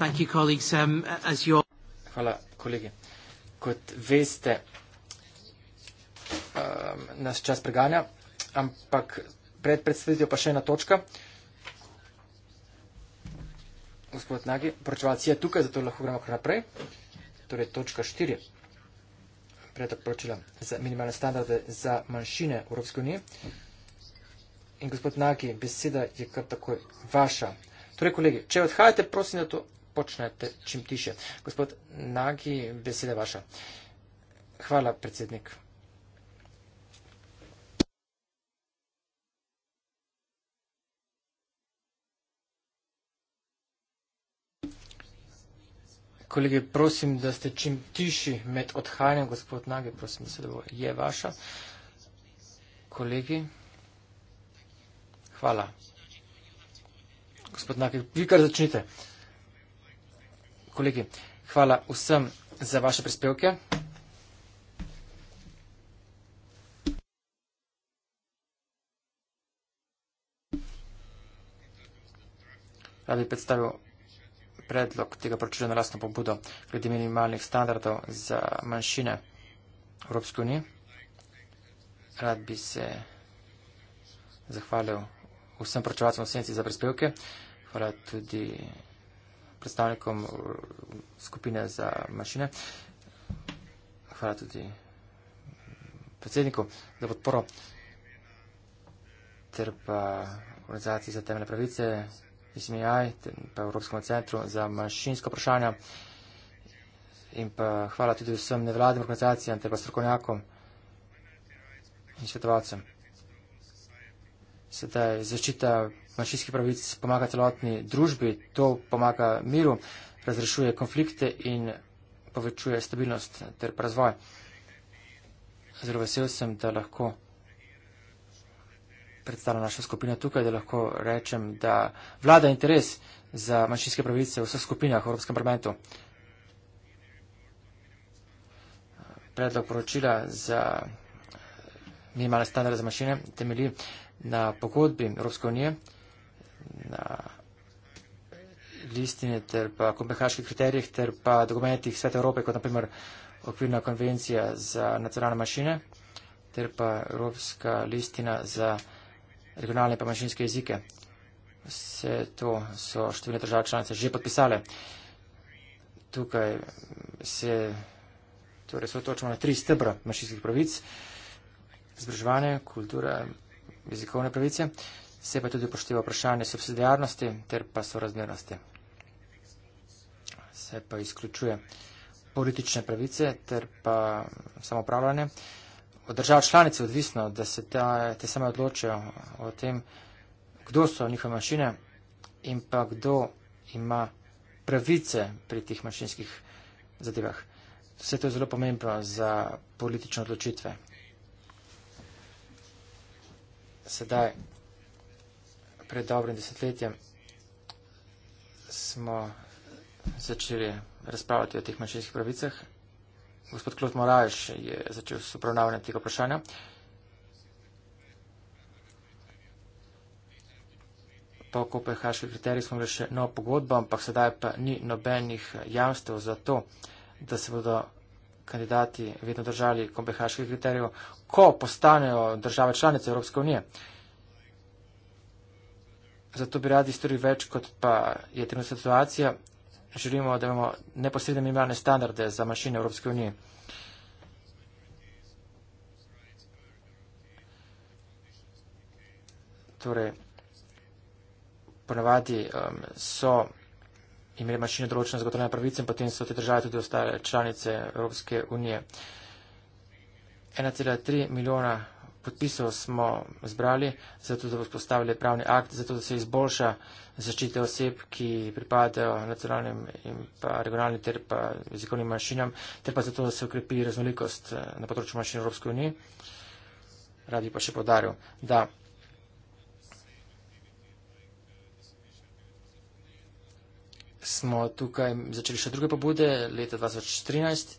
Thank you, colleagues. Um, as your Hvala, kolege. Kot veste, um, nas čas preganja, ampak pred predstavitvijo pa še ena točka. Gospod Nagi, poročevalci je tukaj, zato lahko gremo kar naprej. Torej, točka 4. Predlog poročila za minimalne standarde za manjšine v Evropske unije. In gospod Nagi, beseda je kar takoj vaša. Torej, kolegi, če odhajate, prosim, da to počnete čim tiše. Gospod Nagi, beseda vaša. Hvala, predsednik. Kolege, prosim, da ste čim tiši med odhajanjem. Gospod Nage, prosim, da se dovolj je vaša. Kolegi, hvala. Gospod Nage, vi kar začnite kolegi, hvala vsem za vaše prispevke. Rad bi predstavil predlog tega poročila na lastno pobudo glede minimalnih standardov za manjšine Evropske unije. Rad bi se zahvalil vsem poročevalcem v senci za prispevke. Hvala tudi predstavnikom eh, skupine za mašine. Hvala tudi predsedniku za podporo ter pa organizaciji za temeljne pravice, ISMI, pa Evropskemu centru za mašinsko vprašanje. In pa hvala tudi vsem nevladnim organizacijam ter pa strokovnjakom in svetovalcem sedaj zaščita manjšinskih pravic pomaga celotni družbi, to pomaga miru, razrešuje konflikte in povečuje stabilnost ter razvoj. Zelo vesel sem, da lahko predstavljam našo skupino tukaj, da lahko rečem, da vlada interes za manjšinske pravice v vseh skupinah v Evropskem parlamentu. Predlog poročila za minimalne standarde za mašine temelji на погодби Европска уния, на листини, па копенхашки критерии, па документи в Света Европа, като, например, Оквирна конвенция за национална машина, па Европска листина за регионални па машински езики. Все то со штивни държава членица же подписали. Тука се Torej, so točno na tri stebra mašinskih pravic, zbržovanje, kultura, jezikovne pravice, se pa tudi upošteva vprašanje subsidijarnosti ter pa sorazmernosti. Se pa izključuje politične pravice ter pa samopravljanje. Od držav članic je odvisno, da se ta, te same odločijo o tem, kdo so njihove mašine in pa kdo ima pravice pri tih mašinskih zadevah. Vse to je zelo pomembno za politične odločitve sedaj, pred dobrim desetletjem, smo začeli razpravljati o teh manjšinskih pravicah. Gospod Klot Moraš je začel s upravnavanjem tega vprašanja. Po kopehaški kriteriji smo imeli še novo pogodbo, ampak sedaj pa ni nobenih jamstev za to, da se bodo kandidati vedno držali kompehaških kriterijev, ko postanejo države članice Evropske unije. Zato bi radi storili več, kot pa je trenutna situacija. Želimo, da imamo neposredne minimalne standarde za mašine Evropske unije. Torej, ponavadi um, so imeli manjšine določene zagotovljene pravice in potem so te države tudi ostale članice Evropske unije. 1,3 milijona podpisov smo zbrali, zato da bo spostavili pravni akt, zato da se izboljša zaščite oseb, ki pripadajo nacionalnim in pa regionalnim ter pa jezikovnim manjšinam, ter pa zato, da se ukrepi raznolikost eh, na področju manjšin Evropske unije. Radi pa še podaril, da smo tukaj začeli še druge pobude leta 2013,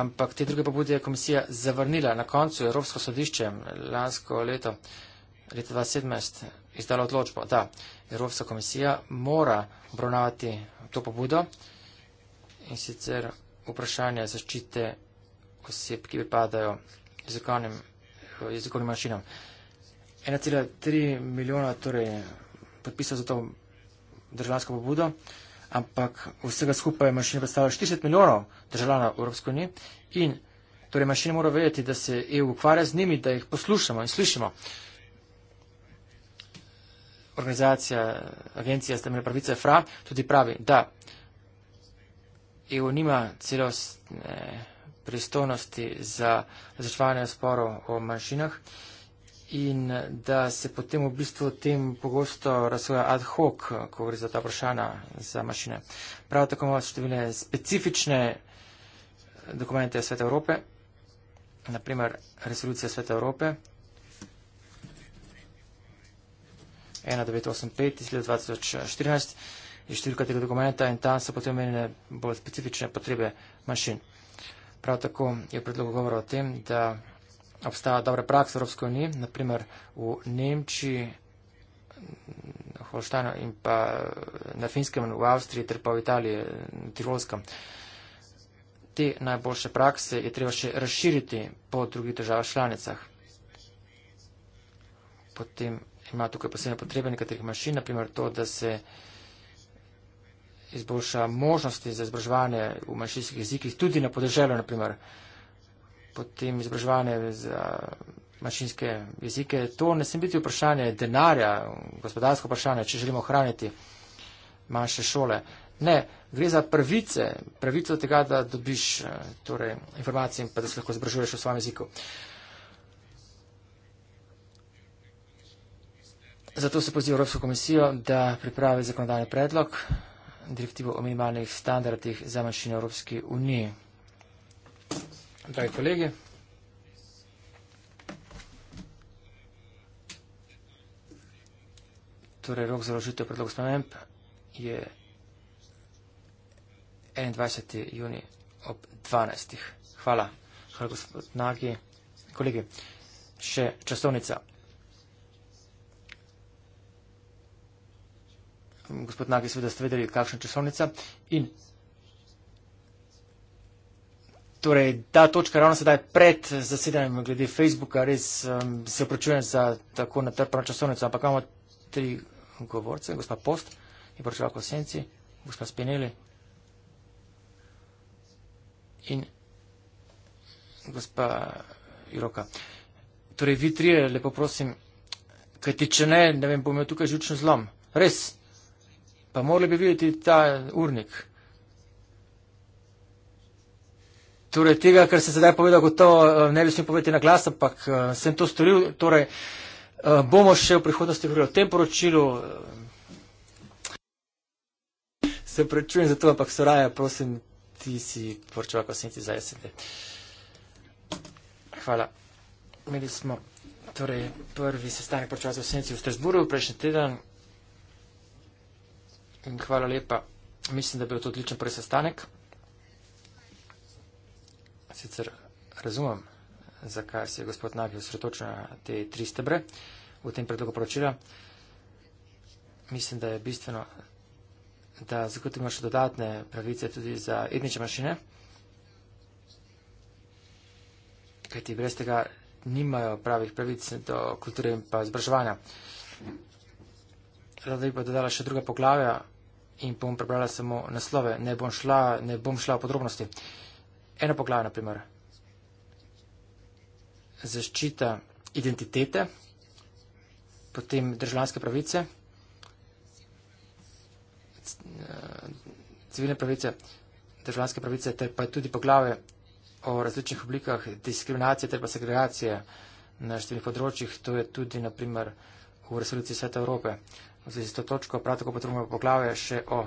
ampak te druge pobude je komisija zavrnila na koncu Evropsko sodišče lansko leto, leta 2017, izdala odločbo, da Evropska komisija mora obravnavati to pobudo in sicer vprašanje zaščite oseb, ki pripadajo jezikovnim, jezikovnim manjšinam. 1,3 milijona torej, podpisov za to državljansko pobudo, ampak vsega skupaj manjšine predstavljajo 40 milijonov državljanov Evropske unije in torej manjšine morajo vedeti, da se EU ukvarja z njimi, da jih poslušamo in slišimo. Organizacija, agencija za temeljne pravice FRA tudi pravi, da EU nima celostne pristojnosti za zaščevanje sporov o manjšinah in da se potem v bistvu o tem pogosto razvoja ad hoc, ko gre za ta vprašanja za mašine. Prav tako imamo številne specifične dokumente Sveta Evrope, naprimer resolucija Sveta Evrope 1985 iz leta 2014 je številka tega dokumenta in tam so potem omenjene bolj specifične potrebe mašin. Prav tako je predlog govora o tem, da obstaja dobre prakse Evropske unije, naprimer v Nemčiji, Holštajno in pa na Finskem, v Avstriji ter pa v Italiji, na Tirolskem. Te najboljše prakse je treba še razširiti po drugih državah članicah. Potem ima tukaj posebne potrebe nekaterih mašin, naprimer to, da se izboljša možnosti za izbržovanje v manjšinskih jezikih, tudi na podeželju, naprimer potem izobraževanje za mašinske jezike. To ne sem biti vprašanje denarja, gospodarsko vprašanje, če želimo hraniti manjše šole. Ne, gre za pravice, pravico tega, da dobiš eh, torej, informacije in pa da se lahko izobražuješ v svojem jeziku. Zato se poziva Evropsko komisijo, da pripravi zakonodajni predlog direktivo o minimalnih standardih za manjšine Evropske unije. Dragi kolegi, torej rok za ložitev predlog sprememb je 21. juni ob 12. Hvala. Hvala gospod Nagi. Kolegi, še časovnica. Gospod Nagi, seveda ste vedeli, kakšna časovnica in Torej, ta točka ravno sedaj pred zasedanjem glede Facebooka, res um, se opračujem za tako natrpno časovnico, ampak imamo tri govorce, gospa Post in pročeva Kosenci, gospa Spinelli in gospa Iroka. Torej, vi trije, lepo prosim, kajti če ne, ne vem, bom imel tukaj žučno zlom. Res, pa morali bi videti ta urnik. Torej, tega, kar se sedaj povedal, gotovo eh, ne bi smel povedati na glas, ampak eh, sem to storil. Torej, eh, bomo še v prihodnosti govorili o tem poročilu. Se prečujem za to, ampak Soraja, prosim, ti si poročeva, ko sem ti za jesen. Hvala. Imeli smo torej, prvi sestanek poročeva za senci v Strasburu prejšnji teden. In hvala lepa. Mislim, da bi bil to odličen prvi sestanek sicer razumem, zakaj se je gospod Nagy osredotočil na te tri stebre v tem predlogu poročila. Mislim, da je bistveno, da zagotovimo še dodatne pravice tudi za etnične mašine, kajti brez tega nimajo pravih pravic do kulture in pa izobraževanja. Rada bi pa dodala še druga poglavja in bom prebrala samo naslove. Ne bom šla, ne bom šla v podrobnosti. Uh, Ena poglavja, na primer, zaščita identitete, potem državljanske pravice, civilne pravice, državljanske pravice, ter pa tudi poglavje o različnih oblikah diskriminacije ter pa segregacije na številnih področjih. To je tudi, na primer, v resoluciji Sveta Evrope. V zvezi s to točko prav tako potrebujemo poglavje še o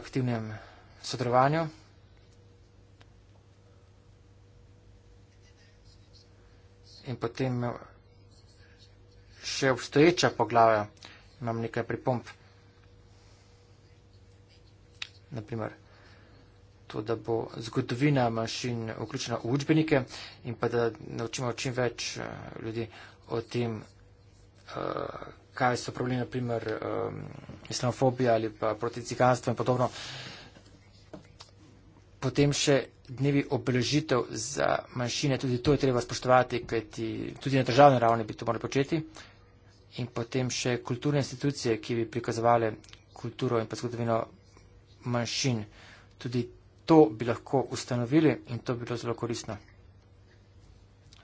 aktivnem sodelovanju. in potem še obstoječa poglavja. Imam nekaj pripomp. Naprimer, to, da bo zgodovina mašin vključena v učbenike in pa da naučimo čim več uh, ljudi o tem, uh, kaj so problemi, naprimer, um, eh, islamofobija ali pa proti ciganstvu in podobno. Uh, Potem še dnevi obeležitev za manjšine, tudi to je treba spoštovati, kajti tudi na državni ravni bi to morali početi. In potem še kulturne institucije, ki bi prikazovali kulturo in pa zgodovino manjšin. Tudi to bi lahko ustanovili in to bi bilo zelo koristno.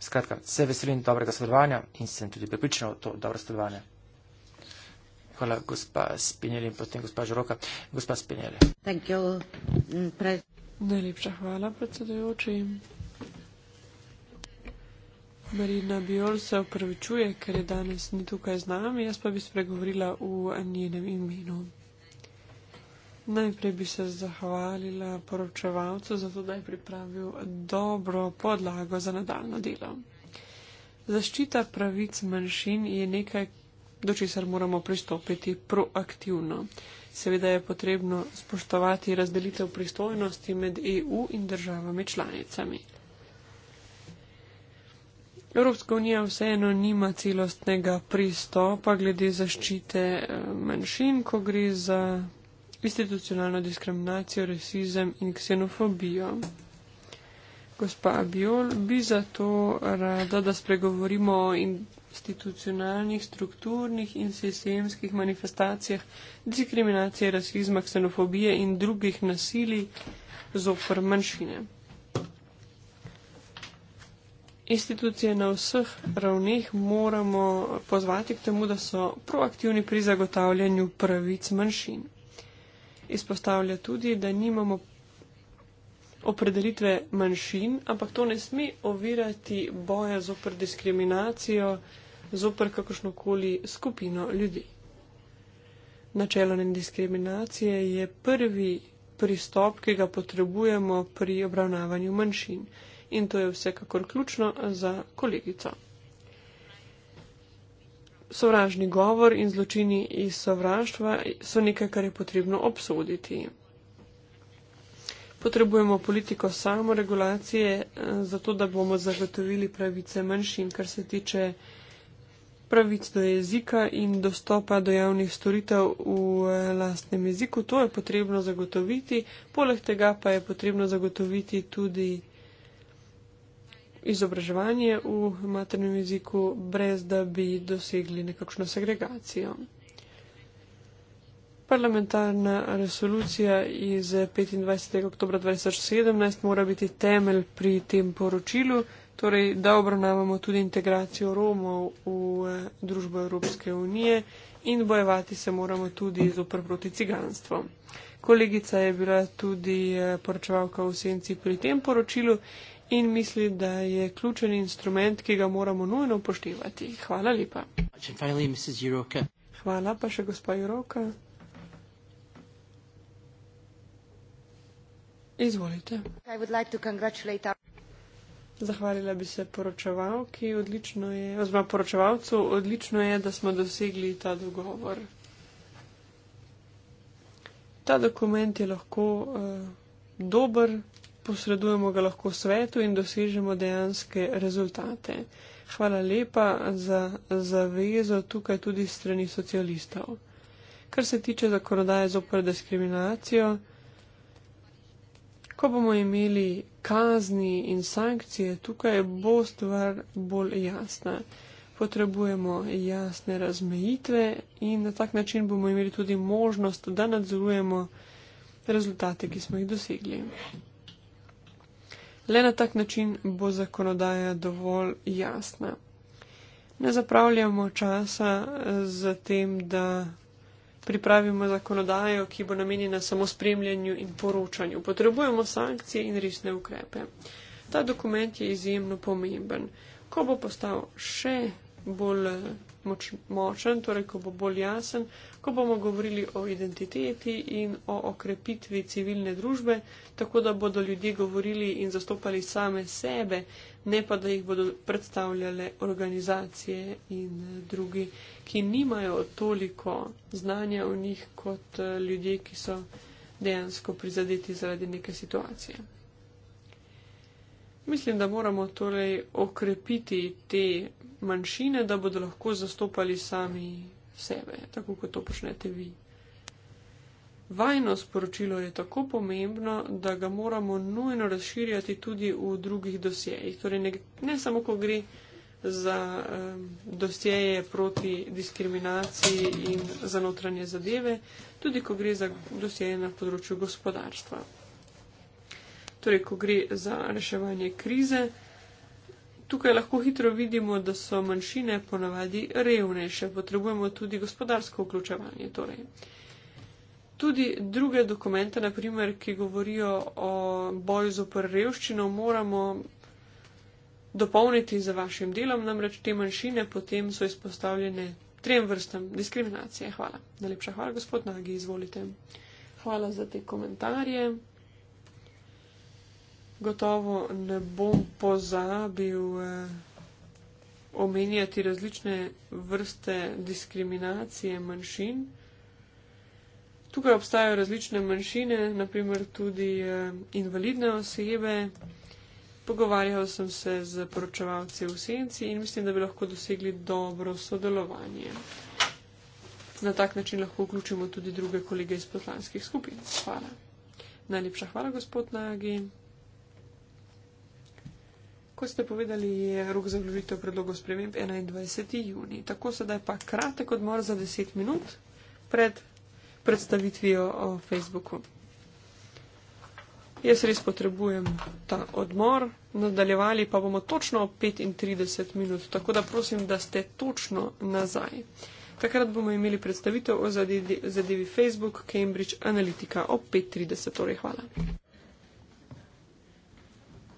Skratka, se veselim dobrega sodelovanja in sem tudi pripričan v to dobro sodelovanje. Hvala, gospa Spinelli in potem gospa Žuroka. Gospa Spinelli. Najlepša hvala, predsedujoči. Marina Bjol se opravičuje, ker je danes ni tukaj z nami, jaz pa bi spregovorila v njenem imenu. Najprej bi se zahvalila poročevalcu za to, da je pripravil dobro podlago za nadaljno delo. Zaščita pravic manjšin je nekaj, do česar moramo pristopiti proaktivno. Seveda je potrebno spoštovati razdelitev pristojnosti med EU in državami članicami. Evropska unija vseeno nima celostnega pristopa glede zaščite eh, manjšin, ko gre za institucionalno diskriminacijo, rasizem in ksenofobijo. Gospa Biol bi zato rada, da spregovorimo o institucionalnih, strukturnih in sistemskih manifestacijah diskriminacije, rasizma, ksenofobije in drugih nasilij zopr manjšine. Institucije na vseh ravneh moramo pozvati k temu, da so proaktivni pri zagotavljanju pravic manjšin. Izpostavlja tudi, da nimamo opredelitve manjšin, ampak to ne sme ovirati boja zoper diskriminacijo, zoper kakršnokoli skupino ljudi. Načelo nediskriminacije je prvi pristop, ki ga potrebujemo pri obravnavanju manjšin in to je vsekakor ključno za kolegico. Sovražni govor in zločini iz sovraštva so nekaj, kar je potrebno obsoditi potrebujemo politiko samoregulacije, eh, zato da bomo zagotovili pravice manjšin, kar se tiče pravic do jezika in dostopa do javnih storitev v eh, lastnem jeziku. To je potrebno zagotoviti, poleg tega pa je potrebno zagotoviti tudi izobraževanje v maternem jeziku, brez da bi dosegli nekakšno segregacijo parlamentarna resolucija iz 25. oktober 2017 mora biti temelj pri tem poročilu, torej da obravnavamo tudi integracijo Romov v eh, družbo Evropske unije in bojevati se moramo tudi z opr proti ciganstvu. Kolegica je bila tudi eh, poročevalka v senci pri tem poročilu in misli, da je ključen instrument, ki ga moramo nujno upoštevati. Hvala lepa. Hvala pa še gospa Juroka. Izvolite. Zahvalila bi se poročevalki, odlično je, oziroma poročevalcu, odlično je, da smo dosegli ta dogovor. Ta dokument je lahko uh, dober, posredujemo ga lahko svetu in dosežemo dejanske rezultate. Hvala lepa za zavezo tukaj tudi strani socialistov. Kar se tiče zakonodaje z oprediskriminacijo, Ko bomo imeli kazni in sankcije, tukaj bo stvar bolj jasna. Potrebujemo jasne razmejitve in na tak način bomo imeli tudi možnost, da nadzorujemo rezultate, ki smo jih dosegli. Le na tak način bo zakonodaja dovolj jasna. Ne zapravljamo časa z tem, da pripravimo zakonodajo, ki bo namenjena samo spremljanju in poročanju. Potrebujemo sankcije in resne ukrepe. Ta dokument je izjemno pomemben. Ko bo postal še bolj eh, moč, močen, torej ko bo bolj jasen, ko bomo govorili o identiteti in o okrepitvi civilne družbe, tako da bodo ljudje govorili in zastopali same sebe ne pa da jih bodo predstavljale organizacije in eh, drugi, ki nimajo toliko znanja o njih kot eh, ljudje, ki so dejansko prizadeti zaradi neke situacije. Mislim, da moramo torej okrepiti te manjšine, da bodo lahko zastopali sami sebe, tako kot to počnete vi. Vajno sporočilo je tako pomembno, da ga moramo nujno razširjati tudi v drugih dosjejih. Torej ne, ne samo, ko gre za um, dosjeje proti diskriminaciji in za notranje zadeve, tudi ko gre za dosjeje na področju gospodarstva. Torej, ko gre za reševanje krize, tukaj lahko hitro vidimo, da so manjšine ponavadi revnejše. Potrebujemo tudi gospodarsko vključevanje. Torej. Tudi druge dokumente, naprimer, ki govorijo o boju zoper revščino, moramo dopolniti za vašim delom, namreč te manjšine potem so izpostavljene trem vrstam diskriminacije. Hvala. Najlepša hvala, gospod Nagi, izvolite. Hvala za te komentarje. Gotovo ne bom pozabil eh, omenjati različne vrste diskriminacije manjšin. Tukaj obstajajo različne manjšine, naprimer tudi eh, invalidne osebe. Pogovarjal sem se z poročevalci v senci in mislim, da bi lahko dosegli dobro sodelovanje. Na tak način lahko vključimo tudi druge kolege iz poslanskih skupin. Hvala. Najlepša hvala, gospod Nagi. Kot ste povedali, je rok za vložitev predlogov sprememb 21. juni. Tako sedaj pa kratek odmor za 10 minut pred predstavitvijo o Facebooku. Jaz res potrebujem ta odmor, nadaljevali pa bomo točno 35 minut, tako da prosim, da ste točno nazaj. Takrat bomo imeli predstavitev o zadevi, zadevi Facebook Cambridge Analytica ob 5.30. Torej, hvala.